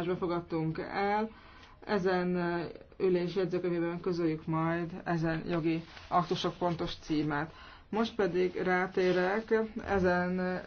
ásban fogadtunk el. Ezen ülés jegyzőkönyvében közöljük majd ezen jogi aktusok pontos címet. Most pedig rátérek ezen